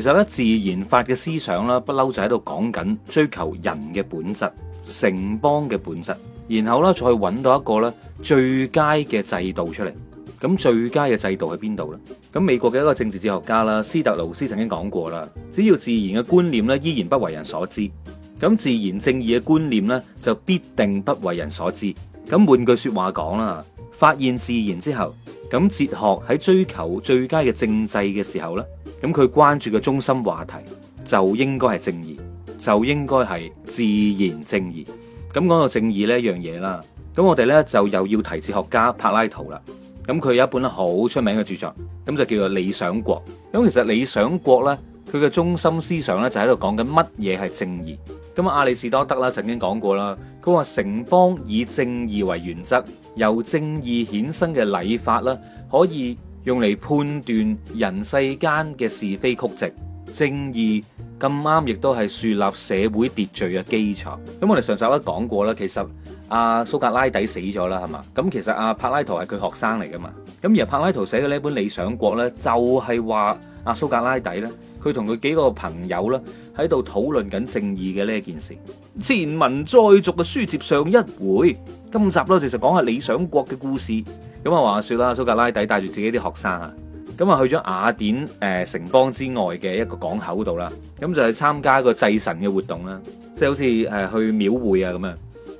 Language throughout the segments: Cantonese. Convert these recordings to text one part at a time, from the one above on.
其實咧，自然法嘅思想啦，不嬲就喺度講緊追求人嘅本質、城邦嘅本質，然後咧再揾到一個咧最佳嘅制度出嚟。咁最佳嘅制度喺邊度呢？咁美國嘅一個政治哲學家啦，斯特勞斯曾經講過啦，只要自然嘅觀念咧依然不為人所知，咁自然正義嘅觀念咧就必定不為人所知。咁換句說話講啦，發現自然之後，咁哲學喺追求最佳嘅政制嘅時候咧。咁佢關注嘅中心話題就應該係正義，就應該係自然正義。咁講到正義呢一樣嘢啦，咁我哋呢，就又要提及學家柏拉圖啦。咁佢有一本好出名嘅著作，咁就叫做《理想國》。咁其實《理想國》呢，佢嘅中心思想呢，就喺度講緊乜嘢係正義。咁亞里士多德啦曾經講過啦，佢話城邦以正義為原則，由正義衍生嘅禮法啦，可以。用嚟判斷人世間嘅是非曲直，正義咁啱亦都係樹立社會秩序嘅基礎。咁我哋上集都講過啦，其實阿、啊、蘇格拉底死咗啦，係嘛？咁其實阿、啊、柏拉圖係佢學生嚟噶嘛？咁而柏拉圖寫嘅呢本《理想國》咧，就係話阿蘇格拉底咧，佢同佢幾個朋友呢喺度討論緊正義嘅呢一件事。前文再續嘅書接上一回，今集咧其實就講下《理想國》嘅故事。咁啊，話說啦，蘇格拉底帶住自己啲學生啊，咁啊去咗雅典誒城邦之外嘅一個港口度啦，咁就係參加一個祭神嘅活動啦，即係好似誒去廟會啊咁樣。咁、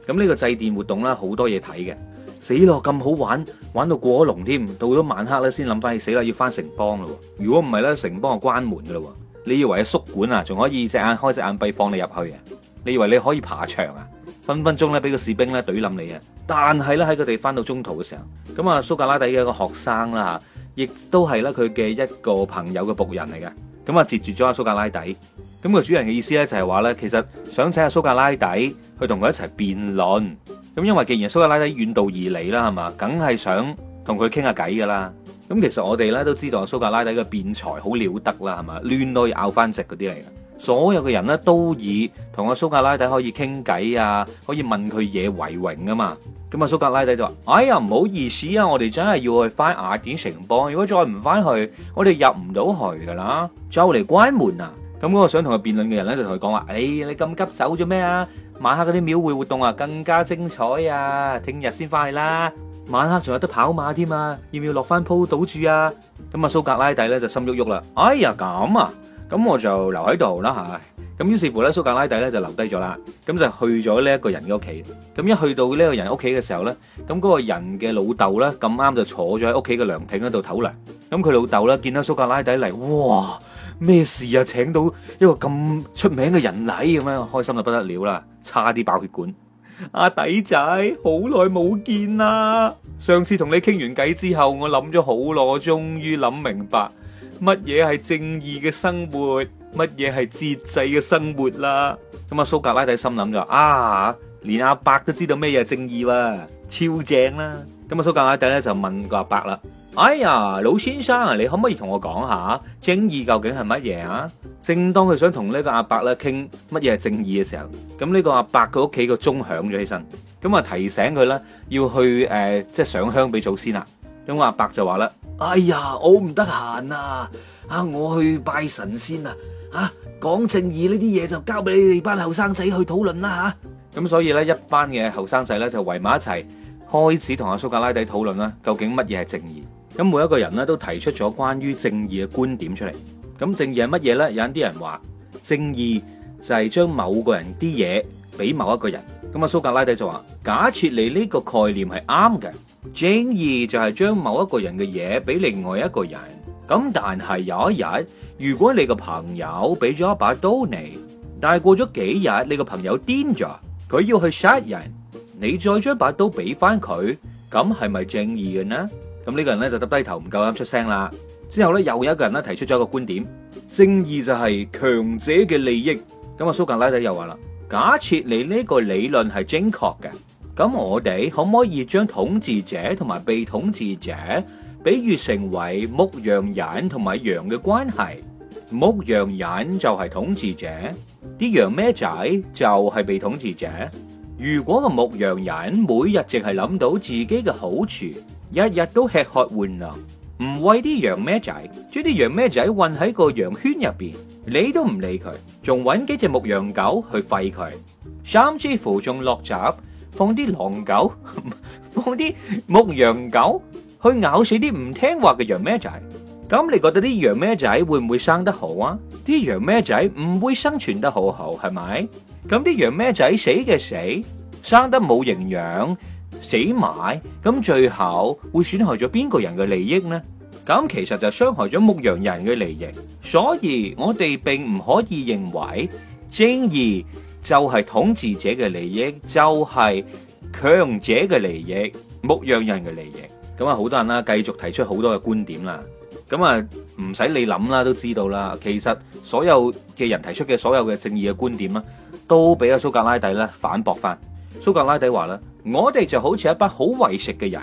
這、呢個祭典活動啦，好多嘢睇嘅，死咯咁好玩，玩到過咗龍添，到咗晚黑咧先諗翻起，死啦要翻城邦啦，如果唔係咧城邦係關門噶喎。你以為喺宿管啊仲可以隻眼開隻眼閉放你入去啊？你以為你可以爬牆啊？分分鐘咧俾個士兵咧懟冧你嘅，但係咧喺佢哋翻到中途嘅時候，咁啊蘇格拉底嘅一個學生啦吓，亦都係咧佢嘅一個朋友嘅僕人嚟嘅。咁啊截住咗阿蘇格拉底，咁個主人嘅意思咧就係話咧，其實想請阿蘇格拉底去同佢一齊辯論。咁因為既然蘇格拉底遠道而嚟啦，係嘛，梗係想同佢傾下偈㗎啦。咁其實我哋咧都知道阿蘇格拉底嘅辯才好了得啦，係嘛，攣嚟拗翻直嗰啲嚟嘅。所有嘅人咧都以同阿蘇格拉底可以傾偈啊，可以問佢嘢為榮啊嘛。咁阿蘇格拉底就話：哎呀，唔好意思啊，我哋真係要去翻雅典城邦，如果再唔翻去，我哋入唔到去噶啦，就嚟關門啊！咁、那、嗰個想同佢辯論嘅人咧就同佢講話，哎，你咁急走咗咩啊？晚黑嗰啲廟會活動啊更加精彩啊！聽日先翻去啦，晚黑仲有得跑馬添啊，要唔要落翻鋪賭住啊？咁阿蘇格拉底咧就心喐喐啦，哎呀，咁啊！咁我就留喺度啦吓，咁於是乎咧，蘇格拉底咧就留低咗啦，咁就去咗呢一個人嘅屋企。咁一去到呢個人屋企嘅時候咧，咁嗰個人嘅老豆咧，咁啱就坐咗喺屋企嘅涼亭嗰度唞涼。咁佢老豆咧見到蘇格拉底嚟，哇，咩事啊？請到一個咁出名嘅人嚟，咁樣開心到不得了啦，差啲爆血管。阿弟仔，好耐冇見啦！上次同你傾完偈之後，我諗咗好耐，我終於諗明白。乜嘢係正義嘅生活？乜嘢係節制嘅生活啦？咁啊蘇格拉底心諗就啊，連阿伯都知道咩嘢係正義喇，超正啦，啊！咁啊蘇格拉底咧就問個阿伯啦，哎呀老先生啊，你可唔可以同我講下正義究竟係乜嘢啊？正當佢想同呢個阿伯咧傾乜嘢係正義嘅時候，咁呢個阿伯個屋企個鐘響咗起身，咁啊提醒佢啦，要去誒即係上香俾祖先啦。咁阿伯就話啦。哎呀，我唔得閒啊！啊，我去拜神先啊！啊，講正義呢啲嘢就交俾你哋班後生仔去討論啦、啊！咁所以呢，一班嘅後生仔呢，就圍埋一齊，開始同阿蘇格拉底討論啦。究竟乜嘢係正義？咁每一個人呢，都提出咗關於正義嘅觀點出嚟。咁正義係乜嘢呢？有啲人話正義就係將某個人啲嘢俾某一個人。咁阿蘇格拉底就話：假設你呢個概念係啱嘅。正義就係將某一個人嘅嘢俾另外一個人，咁但係有一日，如果你個朋友俾咗一把刀你，但係過咗幾日你個朋友癲咗，佢要去殺人，你再將把刀俾翻佢，咁係咪正義嘅呢？咁呢個人咧就耷低頭唔夠膽出聲啦。之後呢，又有一個人咧提出咗一個觀點，正義就係強者嘅利益。咁啊蘇格拉底又話啦，假設你呢個理論係正確嘅。咁我哋可唔可以將統治者同埋被統治者比喻成為牧羊人同埋羊嘅關係？牧羊人就係統治者，啲羊咩仔就係被統治者。如果個牧羊人每日淨係諗到自己嘅好處，日日都吃喝玩樂，唔餵啲羊咩仔，將啲羊咩仔困喺個羊圈入邊，理都唔理佢，仲搵幾隻牧羊狗去吠佢，甚至乎仲落閘。放啲狼狗，放啲牧羊狗去咬死啲唔聽話嘅羊咩仔，咁你覺得啲羊咩仔會唔會生得好啊？啲羊咩仔唔會生存得好好，係咪？咁啲羊咩仔死嘅死，生得冇營養，死埋，咁最後會損害咗邊個人嘅利益呢？咁其實就傷害咗牧羊人嘅利益，所以我哋並唔可以認為，正義。就係統治者嘅利益，就係強者嘅利益，牧羊人嘅利益。咁啊，好多人啦，繼續提出好多嘅觀點啦。咁啊，唔使你諗啦，都知道啦。其實所有嘅人提出嘅所有嘅正義嘅觀點啦，都俾阿蘇格拉底咧反駁翻。蘇格拉底話啦，我哋就好似一班好為食嘅人，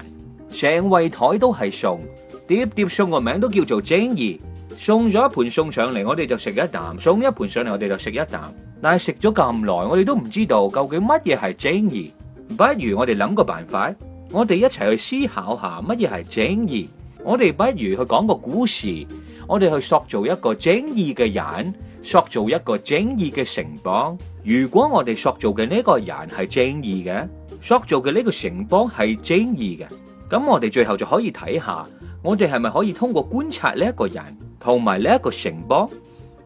成圍台都係送，碟碟送個名都叫做正義。送咗一盤送上嚟，我哋就食一啖；送一盤上嚟，我哋就食一啖。但係食咗咁耐，我哋都唔知道究竟乜嘢係正義。不如我哋諗個辦法，我哋一齊去思考下乜嘢係正義。我哋不如去講個故事，我哋去塑造一個正義嘅人，塑造一個正義嘅城邦。如果我哋塑造嘅呢個人係正義嘅，塑造嘅呢個城邦係正義嘅，咁我哋最後就可以睇下，我哋係咪可以通過觀察呢一個人同埋呢一個城邦？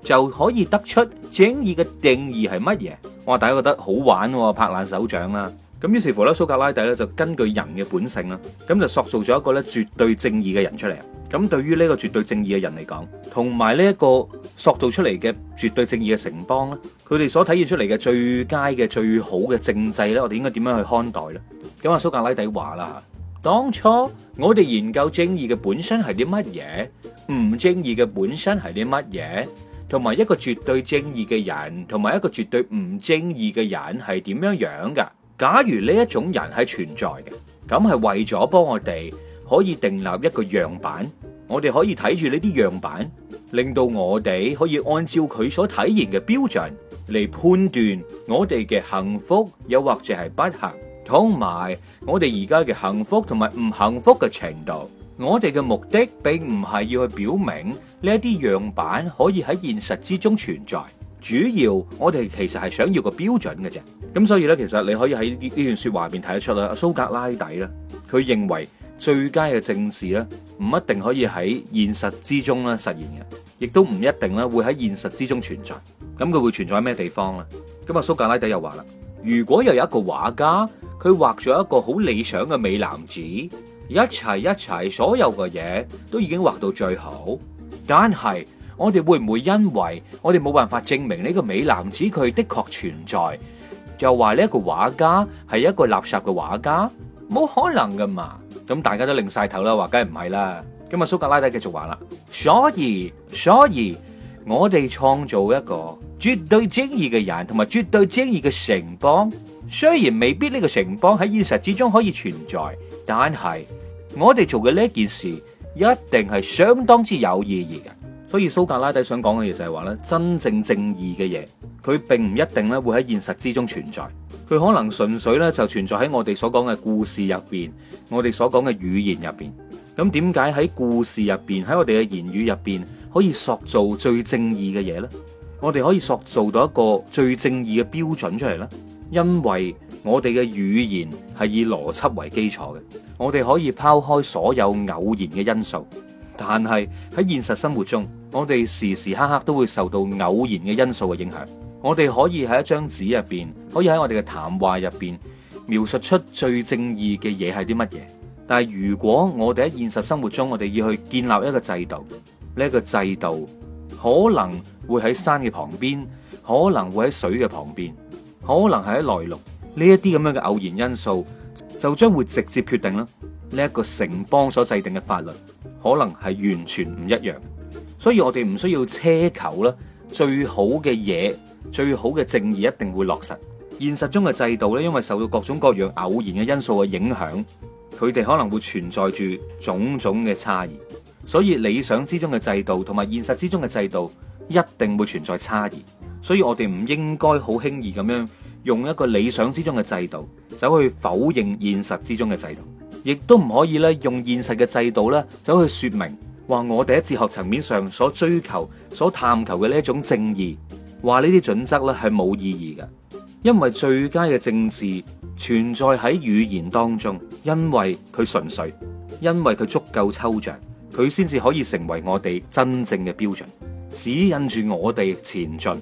就可以得出正義嘅定義係乜嘢？哇！大家覺得好玩，哦，拍爛手掌啦。咁於是乎咧，蘇格拉底咧就根據人嘅本性啦，咁就塑造咗一個咧絕對正義嘅人出嚟。咁對於呢個絕對正義嘅人嚟講，同埋呢一個塑造出嚟嘅絕對正義嘅城邦咧，佢哋所體現出嚟嘅最佳嘅最好嘅政制咧，我哋應該點樣去看待咧？咁阿蘇格拉底話啦，當初我哋研究正義嘅本身係啲乜嘢？唔正義嘅本身係啲乜嘢？同埋一個絕對正義嘅人，同埋一個絕對唔正義嘅人係點樣樣㗎？假如呢一種人係存在嘅，咁係為咗幫我哋可以訂立一個樣板，我哋可以睇住呢啲樣板，令到我哋可以按照佢所體現嘅標準嚟判斷我哋嘅幸福，又或者係不幸，同埋我哋而家嘅幸福同埋唔幸福嘅程度。我哋嘅目的並唔係要去表明呢一啲樣板可以喺現實之中存在，主要我哋其實係想要個標準嘅啫。咁所以呢，其實你可以喺呢段說話入邊睇得出啦。蘇格拉底咧，佢認為最佳嘅政治呢，唔一定可以喺現實之中咧實現嘅，亦都唔一定咧會喺現實之中存在。咁佢會存在喺咩地方呢？咁啊，蘇格拉底又話啦，如果又有一個畫家，佢畫咗一個好理想嘅美男子。一齊一齊，所有嘅嘢都已經畫到最好。但係我哋會唔會因為我哋冇辦法證明呢個美男子佢的確存在，就話呢一個畫家係一個垃圾嘅畫家？冇可能噶嘛！咁、嗯、大家都擰晒頭啦，話梗係唔係啦。今日蘇格拉底繼續話啦。所以，所以我哋創造一個絕對正義嘅人，同埋絕對正義嘅城邦。雖然未必呢個城邦喺現實之中可以存在，但係。我哋做嘅呢件事，一定係相當之有意義嘅。所以蘇格拉底想講嘅嘢就係話真正正義嘅嘢，佢並唔一定咧會喺現實之中存在，佢可能純粹咧就存在喺我哋所講嘅故事入邊，我哋所講嘅語言入邊。咁點解喺故事入邊，喺我哋嘅言語入邊，可以塑造最正義嘅嘢呢？我哋可以塑造到一個最正義嘅標準出嚟呢？因為我哋嘅語言係以邏輯為基礎嘅，我哋可以拋開所有偶然嘅因素。但係喺現實生活中，我哋時時刻刻都會受到偶然嘅因素嘅影響。我哋可以喺一張紙入邊，可以喺我哋嘅談話入邊描述出最正義嘅嘢係啲乜嘢。但係如果我哋喺現實生活中，我哋要去建立一個制度，呢個制度可能會喺山嘅旁邊，可能會喺水嘅旁邊，可能係喺內陸。呢一啲咁樣嘅偶然因素，就將會直接決定啦。呢一個城邦所制定嘅法律，可能係完全唔一樣。所以我哋唔需要奢求啦，最好嘅嘢，最好嘅正義一定會落實。現實中嘅制度呢，因為受到各種各樣偶然嘅因素嘅影響，佢哋可能會存在住種種嘅差異。所以理想之中嘅制度同埋現實之中嘅制度，一定會存在差異。所以我哋唔應該好輕易咁樣。用一個理想之中嘅制度，走去否認現實之中嘅制度，亦都唔可以咧，用現實嘅制度咧，走去說明，話我哋喺哲學層面上所追求、所探求嘅呢一種正義，話呢啲準則咧，係冇意義嘅，因為最佳嘅政治存在喺語言當中，因為佢純粹，因為佢足夠抽象，佢先至可以成為我哋真正嘅標準，指引住我哋前進。